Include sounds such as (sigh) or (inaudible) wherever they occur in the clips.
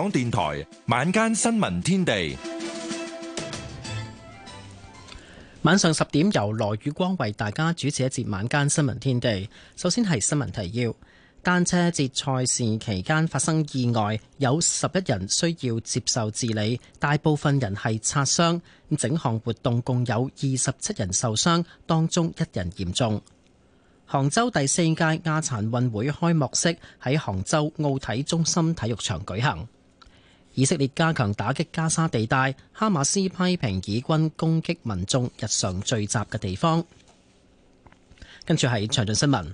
港電台晚間新聞天地，晚上十點由羅宇光為大家主持一節晚間新聞天地。首先係新聞提要：單車節賽事期間發生意外，有十一人需要接受治理，大部分人係擦傷。整項活動共有二十七人受傷，當中一人嚴重。杭州第四屆亞殘運會開幕式喺杭州奧體中心體育場舉行。以色列加強打擊加沙地帶，哈馬斯批評以軍攻擊民眾日常聚集嘅地方。跟住係詳盡新聞，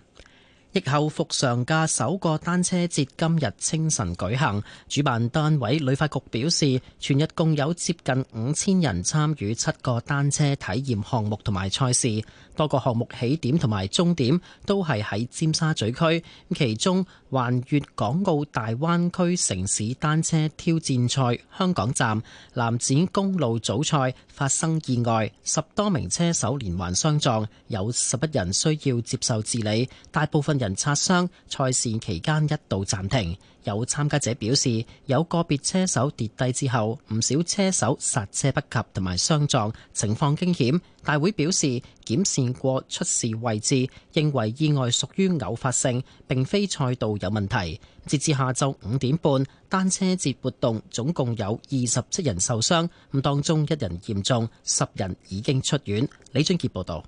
疫後復常嘅首個單車節今日清晨舉行，主辦單位旅發局表示，全日共有接近五千人參與七個單車體驗項目同埋賽事，多個項目起點同埋終點都係喺尖沙咀區，其中環粵港澳大灣區城市單車挑戰賽香港站男子公路組賽發生意外，十多名車手連環相撞，有十一人需要接受治理，大部分人擦傷，賽事期間一度暫停。有參加者表示，有個別車手跌低之後，唔少車手剎車不及同埋相撞，情況驚險。大會表示檢視過出事位置，認為意外屬於偶發性，並非賽道有問題。截至下晝五點半，單車節活動總共有二十七人受傷，咁當中一人嚴重，十人已經出院。李俊傑報導。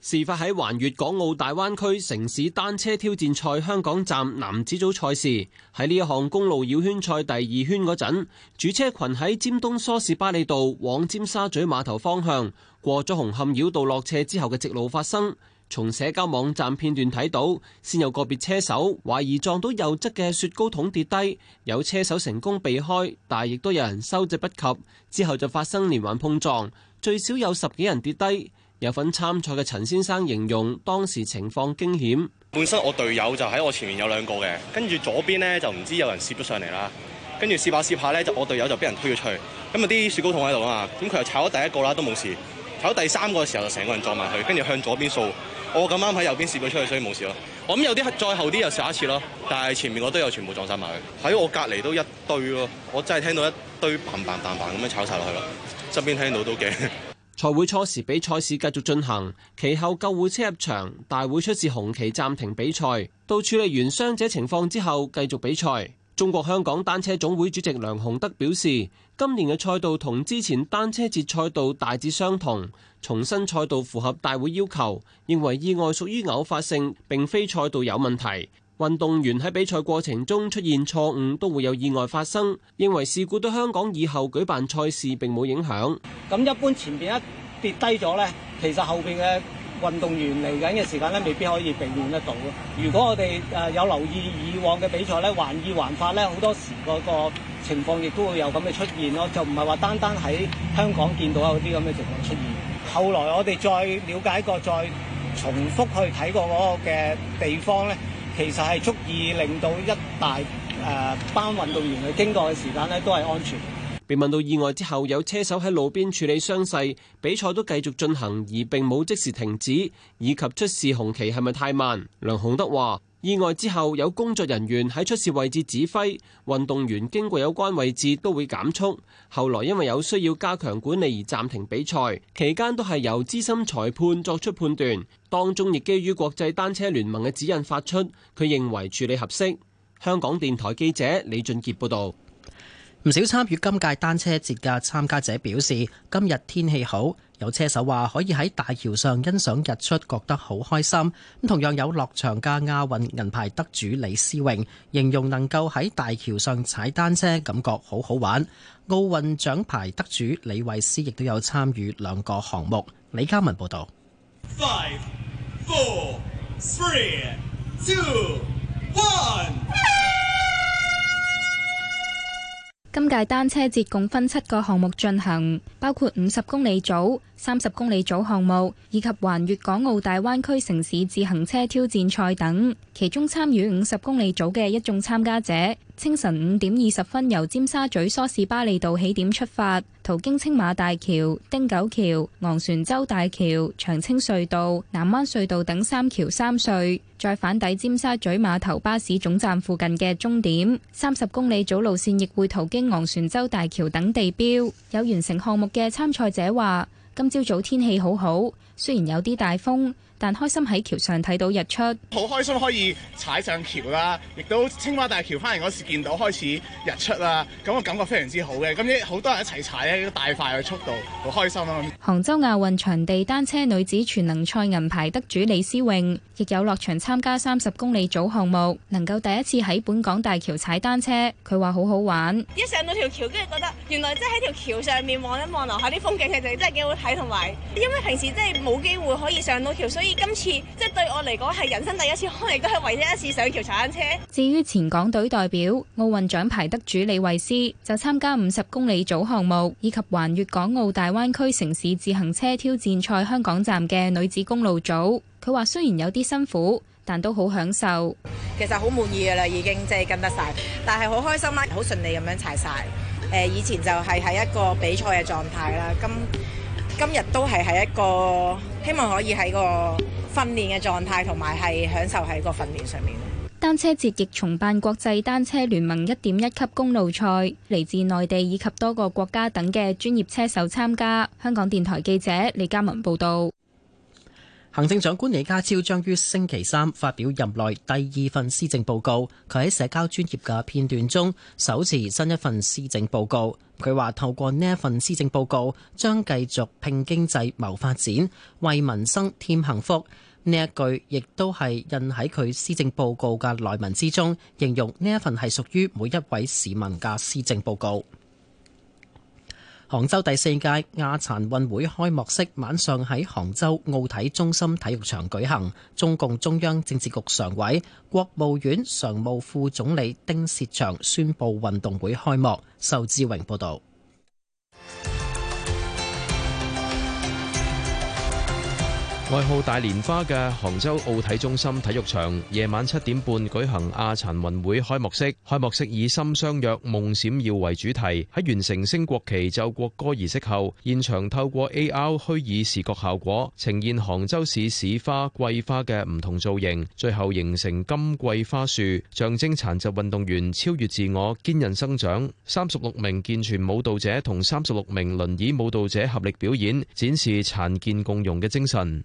事發喺環粵港澳大灣區城市單車挑戰賽香港站男子組賽事，喺呢一項公路繞圈賽第二圈嗰陣，主車群喺尖東梳士巴利道往尖沙咀碼頭方向過咗紅磡繞道落斜之後嘅直路發生。從社交網站片段睇到，先有個別車手懷疑撞到右側嘅雪糕筒跌低，有車手成功避開，但亦都有人收掣不及，之後就發生連環碰撞，最少有十幾人跌低。有份參賽嘅陳先生形容當時情況驚險，本身我隊友就喺我前面有兩個嘅，跟住左邊咧就唔知有人攝咗上嚟啦，跟住攝下攝下咧就我隊友就俾人推咗出去，咁啊啲雪糕桶喺度啊嘛，咁佢又炒咗第一個啦都冇事，炒咗第三個嘅時候就成個人撞埋去，跟住向左邊掃，我咁啱喺右邊攝咗出去，所以冇事咯。我諗有啲再後啲又試一次咯，但係前面我都有全部撞晒埋去，喺我隔離都一堆咯，我真係聽到一堆嘭嘭嘭嘭咁樣炒晒落去咯，側邊聽到都驚。賽會初時比賽事繼續進行，其後救護車入場，大會出示紅旗暫停比賽，到處理完傷者情況之後繼續比賽。中國香港單車總會主席梁洪德表示，今年嘅賽道同之前單車節賽道大致相同，重新賽道符合大會要求，認為意外屬於偶發性，並非賽道有問題。運動員喺比賽過程中出現錯誤，都會有意外發生。認為事故對香港以後舉辦賽事並冇影響。咁一般前邊一跌低咗咧，其實後邊嘅運動員嚟緊嘅時間咧，未必可以避免得到。如果我哋誒有留意以往嘅比賽咧，環意環法咧，好多時嗰個情況亦都會有咁嘅出現咯。就唔係話單單喺香港見到有啲咁嘅情況出現。後來我哋再了解過，再重複去睇過嗰個嘅地方咧。其實係足以令到一大誒班運動員去經過嘅時間咧，都係安全。被問到意外之後，有車手喺路邊處理傷勢，比賽都繼續進行，而並冇即時停止，以及出示紅旗係咪太慢？梁洪德話。意外之後，有工作人員喺出事位置指揮，運動員經過有關位置都會減速。後來因為有需要加強管理而暫停比賽，期間都係由資深裁判作出判斷，當中亦基於國際單車聯盟嘅指引發出。佢認為處理合適。香港電台記者李俊傑報導。唔少參與今屆單車節嘅參加者表示，今日天氣好，有車手話可以喺大橋上欣賞日出，覺得好開心。咁同樣有落場嘅亞運銀牌得主李思穎形容能夠喺大橋上踩單車，感覺好好玩。奧運獎牌得主李慧詩亦都有參與兩個項目。李嘉文報導。Five, four, three, two, 今屆單車節共分七個項目進行，包括五十公里組、三十公里組項目以及環粵港澳大灣區城市自行車挑戰賽等。其中參與五十公里組嘅一眾參加者，清晨五點二十分由尖沙咀梳士巴利道起點出發。途經青馬大橋、汀九橋、昂船洲大橋、長青隧道、南灣隧道等三橋三隧，再返抵尖沙咀碼頭巴士總站附近嘅終點。三十公里組路線亦會途經昂船洲大橋等地標。有完成項目嘅參賽者話：今朝早天氣好好，雖然有啲大風。但開心喺橋上睇到日出，好開心可以踩上橋啦！亦都青馬大橋翻嚟嗰時見到開始日出啦，咁個感覺非常之好嘅。咁好多人一齊踩咧，大快嘅速度，好開心咯！杭州亞運場地單車女子全能賽銀牌得主李思穎，亦有落場參加三十公里組項目，能夠第一次喺本港大橋踩單車，佢話好好玩。一上到條橋，跟住覺得原來即係喺條橋上面望一望樓下啲風景，其實真係幾好睇，同埋因為平時真係冇機會可以上到橋，所以。今次即係對我嚟講係人生第一次，可能亦都係唯一一次上橋踩單車。至於前港隊代表奧運獎牌得主李慧詩，就參加五十公里組項目以及環粵港澳大灣區城市自行車挑戰賽香港站嘅女子公路組。佢話雖然有啲辛苦，但都好享受。其實好滿意噶啦，已經即係、就是、跟得晒，但係好開心啦，好順利咁樣踩晒。誒、呃，以前就係喺一個比賽嘅狀態啦，咁。今日都係喺一個希望可以喺個訓練嘅狀態，同埋係享受喺個訓練上面。單車節亦重辦國際單車聯盟一點一級公路賽，嚟自內地以及多個國家等嘅專業車手參加。香港電台記者李嘉文報道。行政長官李家超將於星期三發表任內第二份施政報告。佢喺社交專業嘅片段中手持新一份施政報告，佢話透過呢一份施政報告，將繼續拼經濟、謀發展，為民生添幸福。呢一句亦都係印喺佢施政報告嘅內文之中，形容呢一份係屬於每一位市民嘅施政報告。杭州第四屆亞殘運會開幕式晚上喺杭州奧體中心體育場舉行。中共中央政治局常委、國務院常務副總理丁薛祥宣佈運動會開幕。仇志榮報道。外號大蓮花嘅杭州奧體中心體育場夜晚七點半舉行亞殘運會開幕式。開幕式以“心相約，夢閃耀”為主題。喺完成升國旗奏國歌儀式後，現場透過 AR 虛擬視覺效果呈現杭州市市花桂花嘅唔同造型，最後形成金桂花樹，象徵殘疾運動員超越自我、堅韌生長。三十六名健全舞蹈者同三十六名輪椅舞蹈者合力表演，展示殘健共融嘅精神。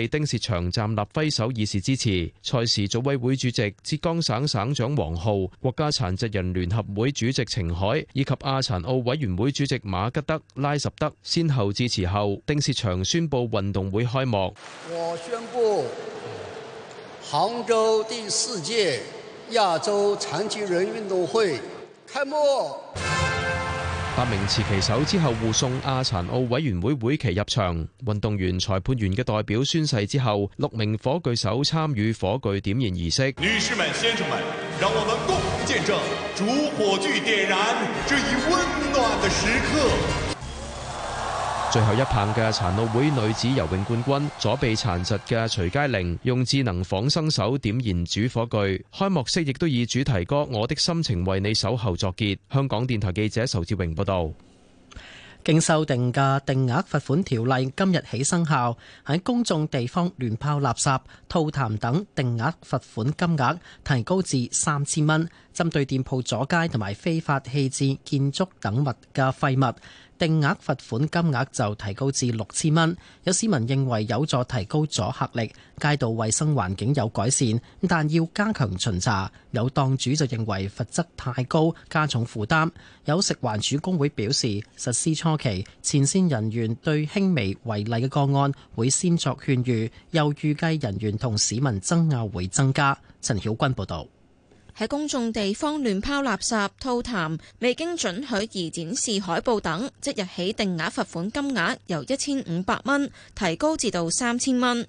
被丁薛祥站立揮手以示支持。賽事組委會主席浙江省省長王浩、國家殘疾人聯合會主席程海以及亞殘奧委員會主席馬吉德拉什德先後致辭後，丁薛祥宣布運動會開幕。我宣布，杭州第四屆亞洲殘疾人運動會開幕。八名持旗手之後護送亞殘奧委員會會旗入場，運動員、裁判員嘅代表宣誓之後，六名火炬手參與火炬點燃儀式。女士們、先生們，讓我們共同見證主火炬點燃這一溫暖的時刻。最後一棒嘅殘奧會女子游泳冠軍，左臂殘疾嘅徐佳玲，用智能仿生手點燃主火炬。開幕式亦都以主題歌《我的心情為你守候》作結。香港電台記者仇志榮報道。經修訂嘅定額罰款條例今日起生效，喺公眾地方亂拋垃，垃圾、吐痰等定額罰款金額提高至三千蚊，針對店鋪阻街同埋非法棄置建築等物嘅廢物。定額罰款金額就提高至六千蚊，有市民認為有助提高阻吓力，街道衛生環境有改善，但要加強巡查。有檔主就認為罰則太高，加重負擔，有食環署工會表示，實施初期，前線人員對輕微違例嘅個案會先作勸喻，又預計人員同市民爭拗會增加。陳曉君報道。喺公眾地方亂拋垃圾、吐痰、未經准許而展示海報等，即日起定額罰款金額由一千五百蚊提高至到三千蚊。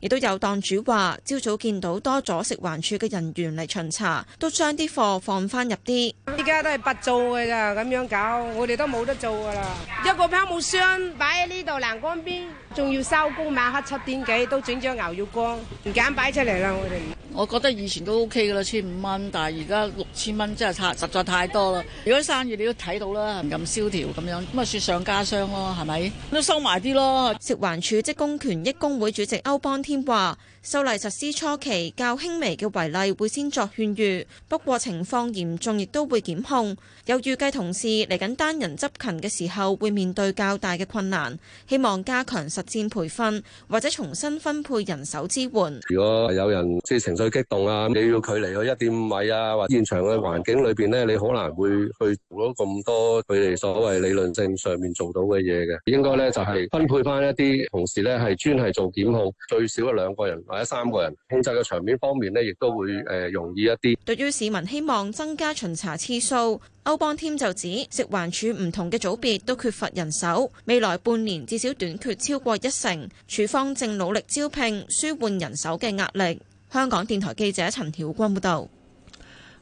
亦都有檔主話：朝早見到多咗食環署嘅人員嚟巡查，都將啲貨放翻入啲。依家都係不做嘅咋，咁樣搞，我哋都冇得做噶啦。一個泡沫箱擺喺呢度欄杆邊，仲要收工，晚黑七點幾都整張牛肉乾唔敢擺出嚟啦，我哋。我覺得以前都 OK 嘅啦，千五蚊，但係而家六千蚊真係差，實在太多啦。如果生意你都睇到啦，咁蕭條咁樣，咁啊雪上加霜咯，係咪？都收埋啲咯。食環署職工權益工會主席歐邦。張天話：修例實施初期較輕微嘅違例會先作勸喻，不過情況嚴重亦都會檢控。有預計，同事嚟緊單人執勤嘅時候會面對較大嘅困難，希望加強實戰培訓或者重新分配人手支援。如果有人即係情緒激動啊，你要佢離去一點五米啊，或者現場嘅環境裏邊咧，你好難會去做到咁多佢哋所謂理論性上面做到嘅嘢嘅，應該咧就係分配翻一啲同事咧係專係做檢控最。少一兩個人或者三個人，控制嘅場面方面呢，亦都會誒容易一啲。對於市民希望增加巡查次數，歐邦添就指，食環署唔同嘅組別都缺乏人手，未來半年至少短缺超過一成，署方正努力招聘，舒緩人手嘅壓力。香港電台記者陳曉君報道。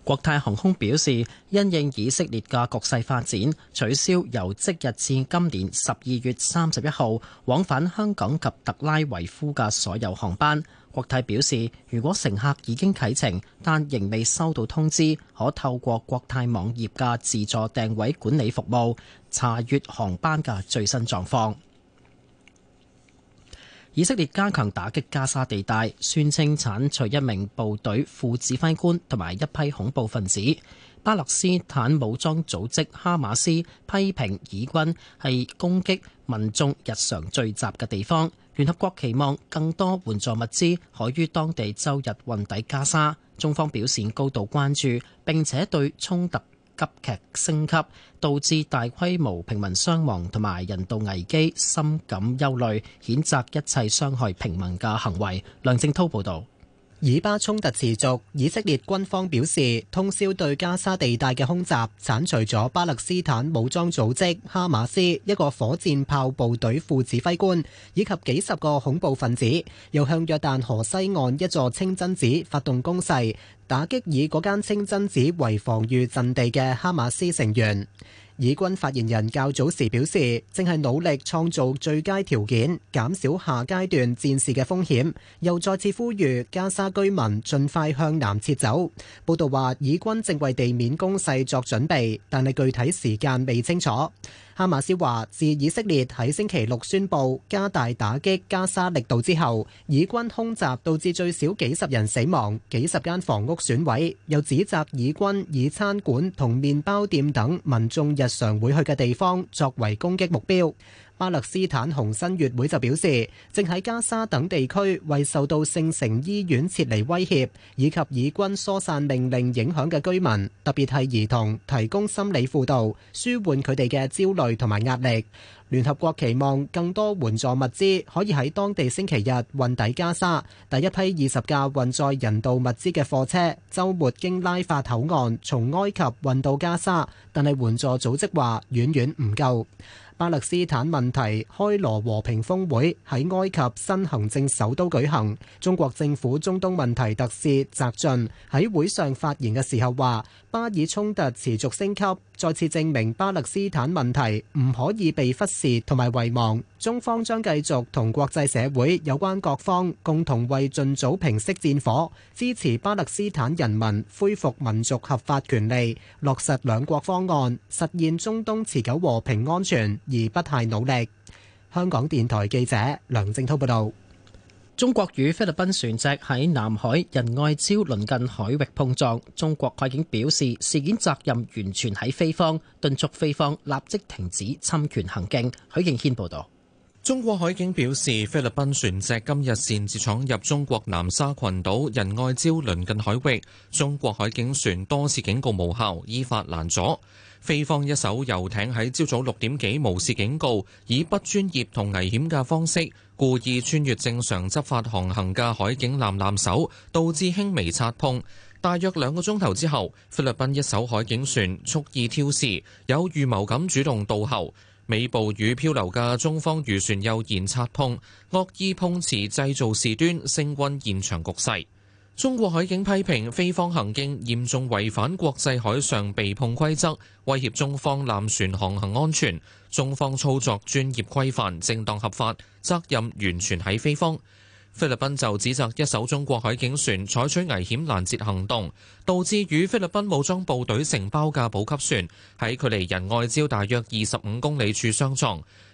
國泰航空表示，因應以色列嘅局勢發展，取消由即日至今年十二月三十一號往返香港及特拉維夫嘅所有航班。國泰表示，如果乘客已經啟程但仍未收到通知，可透過國泰網頁嘅自助訂位管理服務，查閱航班嘅最新狀況。以色列加強打擊加沙地帶，宣稱鏟除一名部隊副指揮官同埋一批恐怖分子。巴勒斯坦武裝組織哈馬斯批評以軍係攻擊民眾日常聚集嘅地方。聯合國期望更多援助物資可於當地周日運抵加沙。中方表示高度關注，並且對衝突急劇升級，導致大規模平民傷亡同埋人道危機，深感憂慮，譴責一切傷害平民嘅行為。梁正濤報導。以巴衝突持續，以色列軍方表示，通宵對加沙地帶嘅空襲，剷除咗巴勒斯坦武裝組織哈馬斯一個火箭炮部隊副指揮官以及幾十個恐怖分子，又向約旦河西岸一座清真寺發動攻勢，打擊以嗰間清真寺為防禦陣地嘅哈馬斯成員。以軍發言人較早時表示，正係努力創造最佳條件，減少下階段戰事嘅風險，又再次呼籲加沙居民盡快向南撤走。報道話，以軍正為地面攻勢作準備，但係具體時間未清楚。哈馬斯話：自以色列喺星期六宣布加大打擊加沙力度之後，以軍空襲導致最少幾十人死亡、幾十間房屋損毀，又指責以軍以餐館同麵包店等民眾日常會去嘅地方作為攻擊目標。巴勒斯坦紅新月會就表示，正喺加沙等地區為受到聖城醫院撤離威脅以及以軍疏散命令影響嘅居民，特別係兒童提供心理輔導，舒緩佢哋嘅焦慮同埋壓力。聯合國期望更多援助物資可以喺當地星期日運抵加沙。第一批二十架運載人道物資嘅貨車周末經拉法口岸從埃及運到加沙，但係援助組織話遠遠唔夠。巴勒斯坦問題開羅和平峰會喺埃及新行政首都舉行，中國政府中東問題特使翟雋喺會上發言嘅時候話：巴以衝突持續升級。再次證明巴勒斯坦問題唔可以被忽視同埋遺忘，中方將繼續同國際社會有關各方共同為盡早平息戰火、支持巴勒斯坦人民恢復民族合法權利、落實兩國方案、實現中東持久和平安全而不懈努力。香港電台記者梁正滔報導。中國與菲律賓船隻喺南海仁愛礁鄰近海域碰撞，中國海警表示事件責任完全喺菲方，敦促菲方立即停止侵權行徑。許敬軒報道。中國海警表示，菲律賓船隻今日擅自闖入中國南沙群島仁愛礁鄰近海域，中國海警船多次警告無效，依法攔阻。菲方一艘遊艇喺朝早六點幾無視警告，以不專業同危險嘅方式。故意穿越正常執法航行嘅海警艦艦首，導致輕微擦碰。大約兩個鐘頭之後，菲律賓一艘海警船蓄意挑事，有預謀咁主動倒後，尾部與漂流嘅中方漁船又現擦碰，惡意碰瓷，製造事端，升溫現場局勢。中國海警批評菲方行徑嚴重違反國際海上避碰規則，威脅中方艦船航行安全。中方操作專業規範、正當合法，責任完全喺菲方。菲律賓就指責一艘中國海警船採取危險攔截行動，導致與菲律賓武裝部隊承包嘅補給船喺距離仁愛礁大約二十五公里處相撞。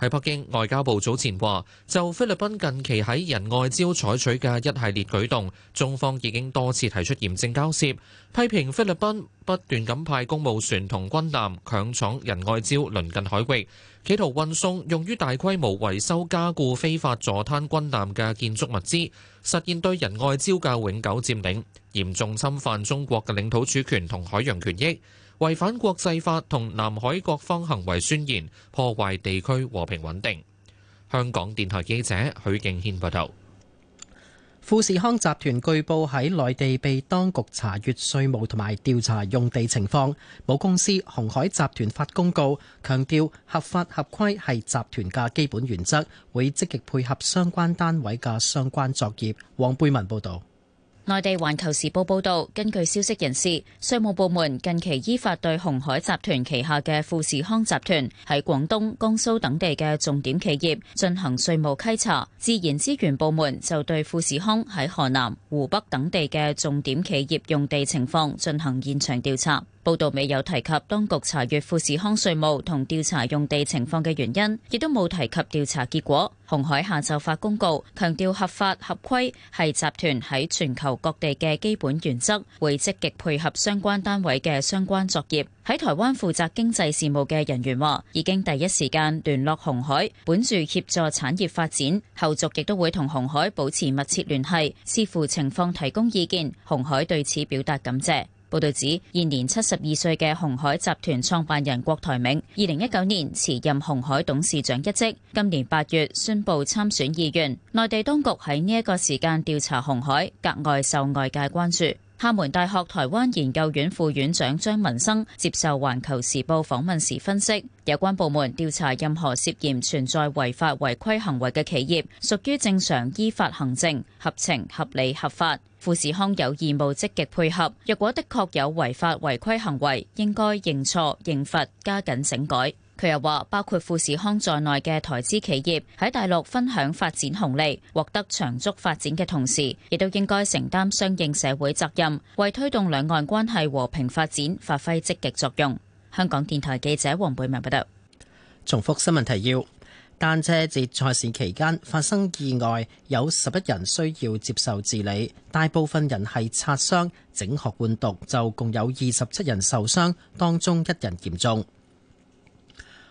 喺北京，外交部早前話，就菲律賓近期喺仁愛礁採取嘅一系列舉動，中方已經多次提出嚴正交涉，批評菲律賓不斷咁派公務船同軍艦強闖仁愛礁鄰近海域，企圖運送用於大規模維修加固非法坐灘軍艦嘅建築物資，實現對仁愛礁嘅永久佔領，嚴重侵犯中國嘅領土主權同海洋權益。違反國際法同南海各方行為宣言，破壞地區和平穩定。香港電台記者許敬軒報道。富士康集團據報喺內地被當局查閲稅務同埋調查用地情況。母公司鴻海集團發公告，強調合法合規係集團嘅基本原則，會積極配合相關單位嘅相關作業。黃貝文報導。內地環球時報報道，根據消息人士，稅務部門近期依法對鴻海集團旗下嘅富士康集團喺廣東、江蘇等地嘅重點企業進行稅務稽查，自然資源部門就對富士康喺河南、湖北等地嘅重點企業用地情況進行現場調查。報道未有提及當局查閱富士康稅務同調查用地情況嘅原因，亦都冇提及調查結果。鴻海下晝發公告，強調合法合規係集團喺全球各地嘅基本原則，會積極配合相關單位嘅相關作業。喺台灣負責經濟事務嘅人員話，已經第一時間聯絡鴻海，本住協助產業發展，後續亦都會同鴻海保持密切聯繫，視乎情況提供意見。鴻海對此表達感謝。報道指，現年七十二歲嘅鴻海集團創辦人郭台銘，二零一九年辭任鴻海董事長一職，今年八月宣布參選議員。內地當局喺呢一個時間調查鴻海，格外受外界關注。廈門大學台灣研究院副院長張文生接受《環球時報》訪問時分析，有關部門調查任何涉嫌存在違法違規行為嘅企業，屬於正常依法行政、合情合理合法。富士康有義務積極配合，若果的確有違法違規行為，應該認錯認罰，加緊整改。佢又話，包括富士康在內嘅台資企業喺大陸分享發展紅利、獲得長足發展嘅同時，亦都應該承擔相應社會責任，為推動兩岸關係和平發展發揮積極作用。香港電台記者黃貝文報道。重複新聞提要。單車節賽事期間發生意外，有十一人需要接受治理，大部分人係擦傷、整殼換毒，就共有二十七人受傷，當中一人嚴重。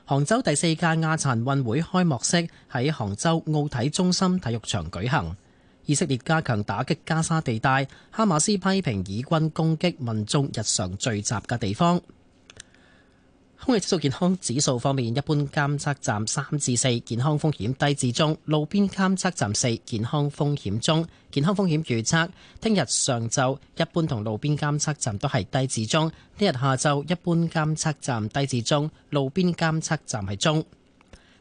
杭州第四屆亞殘運會開幕式喺杭州奧體中心體育場舉行。以色列加強打擊加沙地帶，哈馬斯批評以軍攻擊民眾日常聚集嘅地方。空氣質素健康指數方面，一般監測站三至四，健康風險低至中；路邊監測站四，健康風險中。健康風險預測：聽日上晝一般同路邊監測站都係低至中；聽日下晝一般監測站低至中，路邊監測站係中。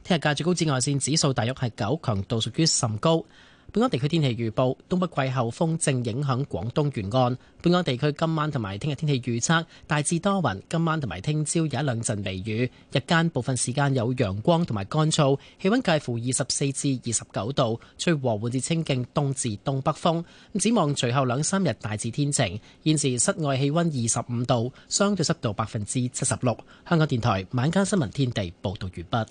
聽日嘅最高紫外線指數大約係九，強度屬於甚高。本港地區天氣預報，東北季候風正影響廣東沿岸。本港地區今晚同埋聽日天氣預測大致多雲，今晚同埋聽朝有一兩陣微雨，日間部分時間有陽光同埋乾燥，氣溫介乎二十四至二十九度，吹和緩至清勁，東至東北風。咁展望隨後兩三日大致天晴。現時室外氣溫二十五度，相對濕度百分之七十六。香港電台晚間新聞天地報道完畢。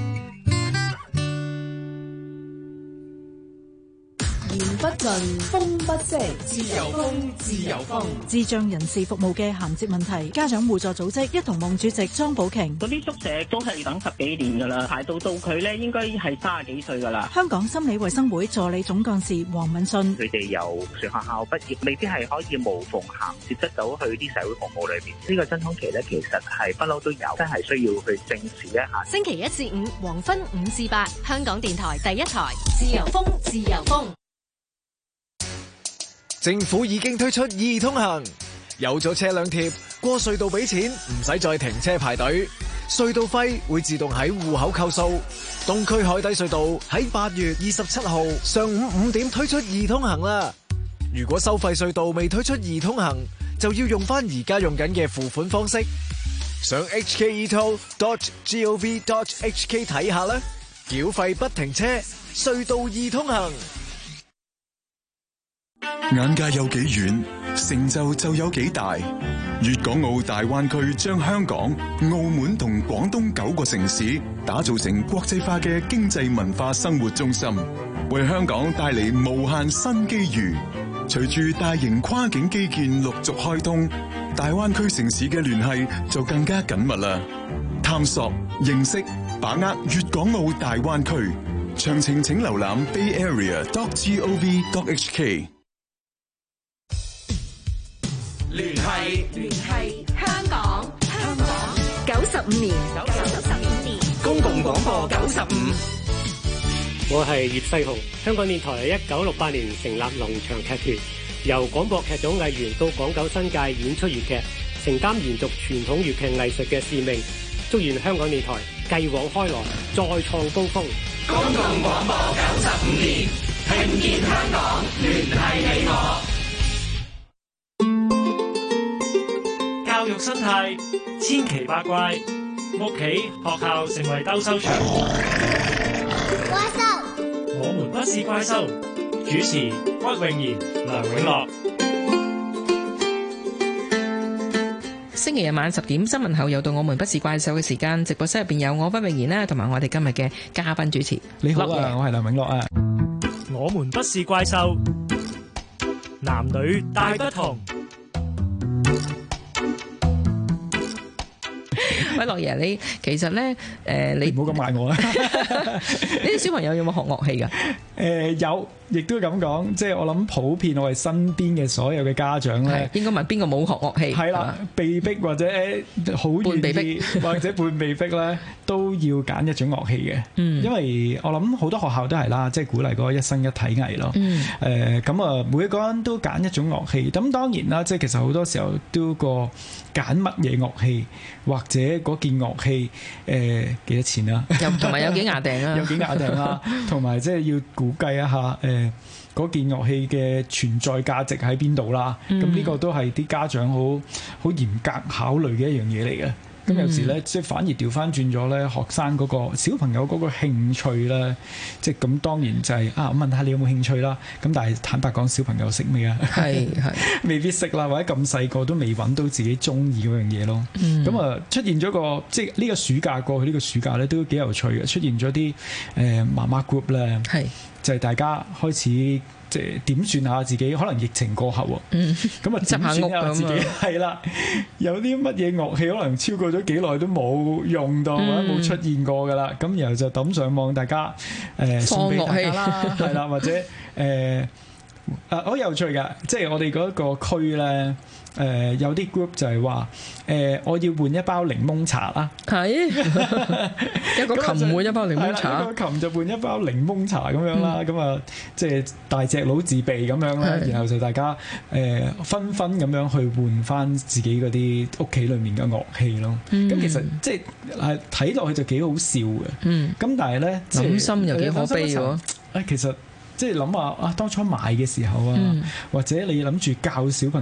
不盡風不息，自由風，自由風。智障人士服務嘅銜接問題，家長互助組織一同夢主席張寶瓊，嗰啲宿舍都係等十幾年㗎喇，排到到佢咧，應該係卅幾歲㗎喇。香港心理衛生會助理總幹事黃敏信，佢哋由船學校畢業，未必係可以無縫銜接得到去啲社會服務裏面。呢個真空期咧，其實係不嬲都有，真係需要去正視一下。星期一至五，黃昏五至八，香港電台第一台，自由風，自由風。政府已經推出易通行。有咗車輛貼,過隧道畀錢,唔使再停車排隊。隧道費會自動喺戶口扣數。東區海底隧道喺8月27號上午5點推出易通行啦。如果收費隧道未推出易通行,就要用返而家用緊嘅付款方式。上 hketo.gov.hk 睇下啦。繳費不停車,隧道易通行。眼界有幾遠，成就就有幾大。粵港澳大灣區將香港、澳門同廣東九個城市打造成國際化嘅經濟文化生活中心，為香港帶嚟無限新機遇。隨住大型跨境基建陸續開通，大灣區城市嘅聯繫就更加緊密啦。探索、認識、把握粵港澳大灣區，詳情請瀏覽 bayarea.gov.hk。聯繫聯繫香港香港，九十五年九十五年，年公共廣播九十五，我係葉世雄，香港電台係一九六八年成立龍翔劇團，由廣播劇組藝員到港九新界演出粵劇，承擔延續傳統粵劇藝術嘅使命。祝願香港電台繼往開來，再創高峰。公共廣播九十五年，聽見香港，聯繫你我。生態千奇百怪，屋企學校成為兜收場。怪獸，我們不是怪獸。主持屈永賢、梁永樂。星期日晚十點新聞後，有到我們不是怪獸嘅時間。直播室入邊有我屈永賢啦，同埋我哋今日嘅嘉賓主持。你好啊，我係梁永樂啊。我們不是怪獸，男女大不同。喂，樂爺，你其實咧，誒、呃，你唔好咁埋我啦。呢啲小朋友有冇學樂器噶？誒，有，亦都咁講，即係我諗普遍我哋身邊嘅所有嘅家長咧，應該問邊個冇學樂器？係啦，被逼、或者好願意或者半被逼咧，都要揀一種樂器嘅。嗯，因為我諗好多學校都係啦，即係鼓勵嗰個一生一體藝咯。嗯。誒，咁啊，每一個人都揀一種樂器。咁當然啦，即係其實好多時候都過揀乜嘢樂器，或者嗰件樂器誒幾多錢啊，同埋有幾。 (music) 有幾牙定啦，同埋即係要估計一下，誒嗰、 (laughs) 呃、件樂器嘅存在價值喺邊度啦。咁呢、嗯、個都係啲家長好好嚴格考慮嘅一樣嘢嚟嘅。咁有時咧，即係、嗯、反而調翻轉咗咧，學生嗰個小朋友嗰個興趣咧，即係咁當然就係啊，我問下你有冇興趣啦。咁但係坦白講，小朋友識咩啊？係係，未必識啦，或者咁細個都未揾到自己中意嗰樣嘢咯。咁啊，出現咗個即係呢個暑假過去呢、呢個暑假咧，都幾有趣嘅，出現咗啲誒媽媽 group 咧，是就係大家開始。即係點算下自己可能疫情過後喎，咁啊執下自己係啦，有啲乜嘢樂器可能超過咗幾耐都冇用到，嗯、或者冇出現過噶啦，咁然後就揼上網，呃、大家誒送俾大家啦，係啦， (laughs) 或者誒啊好有趣噶，即係我哋嗰一個區咧。誒、呃，有啲 group 就係話，誒、呃，我要換一包檸檬茶啦。係是 (laughs) (laughs) ，一個琴換一包檸檬茶。琴、嗯、就換一包檸檬茶咁樣啦，咁啊，即係大隻佬自備咁樣啦。嗯、然後就大家誒，紛紛咁樣去換翻自己嗰啲屋企裏面嘅樂器咯。咁、嗯、其實即係睇落去就幾好笑嘅。咁、嗯、但係咧，諗、就是、心又幾可悲誒，其實即係諗下啊，當初買嘅時候啊，嗯、或者你諗住教小朋友。嗯